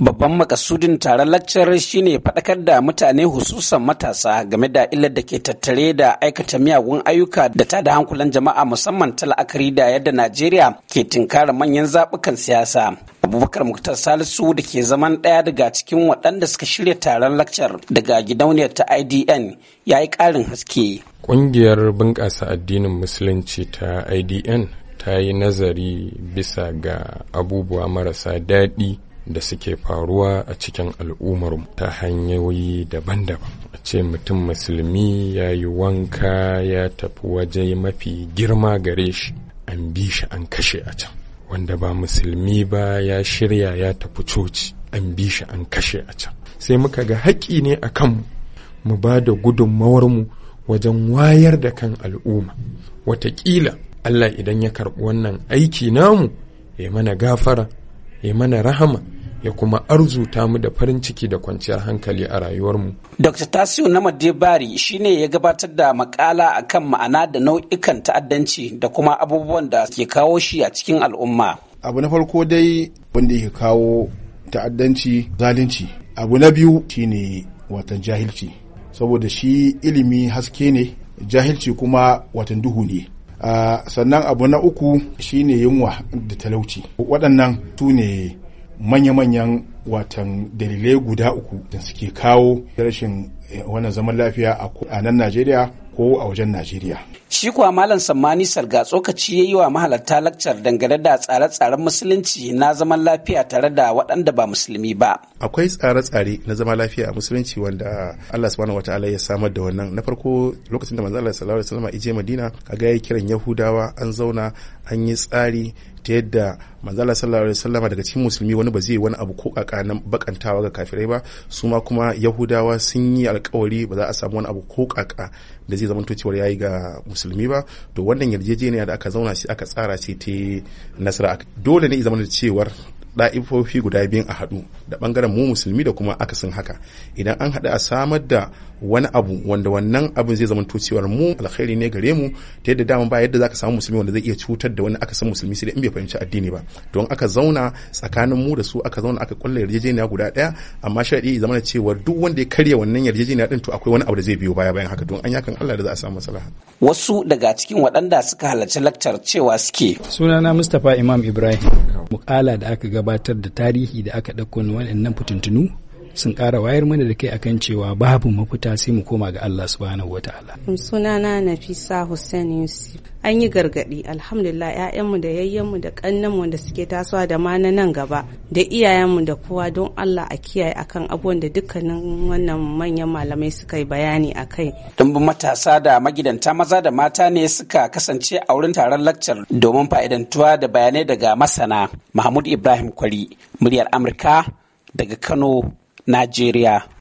Babban makasudin taron shi shine faɗakar da mutane hususan matasa game da illar da ke tattare da aikata miyagun ayyuka da ta da hankulan jama'a musamman ta la'akari da yadda Najeriya ke tinkara manyan zaɓukan siyasa. Abubakar Muktar Salisu da ke zaman ɗaya daga cikin waɗanda suka shirya taron laccar daga gidauniyar ta IDN ya yi ƙarin haske. Ƙungiyar bunƙasa addinin Musulunci ta IDN ta yi nazari bisa ga abubuwa marasa daɗi da suke faruwa a cikin al'ummarmu ta hanyoyi daban-daban a ce mutum musulmi ya yi wanka ya tafi waje mafi girma gare shi an bi shi an kashe a can wanda ba musulmi ba ya shirya ya tafi coci an bi shi an kashe a can sai muka ga haƙƙi ne a kanmu mu ba da gudunmawarmu wajen wayar da kan al'umma wataƙila allah idan ya karɓi wannan aiki namu ya mana gafara ya mana rahama ya kuma arzuta mu da farin ciki da kwanciyar hankali a rayuwarmu. Dr. Tasiu Namadi Bari shine ya gabatar da makala akan ma'ana da nau'ikan ta'addanci da kuma abubuwan da ke kawo shi a cikin al'umma. Abu na farko dai wanda yake kawo ta'addanci zalunci. Abu na biyu shine watan jahilci. Saboda shi ilimi haske ne, jahilci kuma watan duhu ne. Ah, sannan abu na uku shine yunwa da talauci waɗannan su ne manya-manyan watan dalilai guda uku da suke kawo rashin eh, wannan zaman lafiya a nan Najeriya ko a wajen Najeriya. Shi kuwa Malam Sammani Salga tsokaci ya yi wa mahalarta lakcar dangane da tsare-tsaren musulunci na zaman lafiya tare da waɗanda ba musulmi ba. Akwai tsare-tsare na zaman lafiya a musulunci wanda Allah subhanahu wataala ya samar da wannan. Na farko lokacin da manzo Allah sallallahu alaihi wasallam ya je Madina kaga ya kiran Yahudawa an zauna an yi tsari ta yadda manzala sallallahu alaihi wasallam daga cikin musulmi wani ba zai wani abu ko kakanin bakantawa ga kafirai ba su ma kuma yahudawa sun yi alkawari ba za a samu wani abu ko kaka da zai zamanto cewa yayi ga musulmi ba to wannan yarjejeniya da aka zauna shi aka tsara ce ta nasara dole ne zama da cewar ɗa'ifofi guda biyun a haɗu da ɓangaren mu musulmi da kuma akasin haka idan an haɗu a samar da wani abu wanda wannan abin zai zama cewar mu alkhairi ne gare mu ta yadda dama ba yadda zaka samu musulmi wanda zai iya cutar da wani akasin musulmi sai in bai fahimci addini ba don aka zauna tsakanin mu da su aka zauna aka kulle yarjejeniya guda ɗaya amma sharadi ya zama cewa duk wanda ya karya wannan yarjejeniya din to akwai wani abu da zai biyo baya bayan haka don an yakan Allah da za a samu maslaha wasu daga cikin waɗanda suka halarci lakcar cewa suke sunana Mustapha Imam Ibrahim mukala da aka gaba gabatar da tarihi da aka ɗauko na waɗannan fitintunu sun ƙara wayar mana da kai akan cewa babu mafita sai mu koma ga Allah subhanahu wataala mm, sunana Nafisa Hussein Yusuf an yi gargaɗi alhamdulillah 'ya'yanmu da yayyanmu da ƙannenmu da suke tasowa da ma na nan gaba da iyayenmu da kowa don Allah a kiyaye akan abubuwan da dukkanin wannan manyan malamai suka yi bayani a kai. Dumbin matasa da magidanta maza da mata ne suka kasance a wurin taron lakcar domin fa'idantuwa da bayanai daga masana Mahmud Ibrahim Kwari, muryar Amurka daga Kano, Nigeria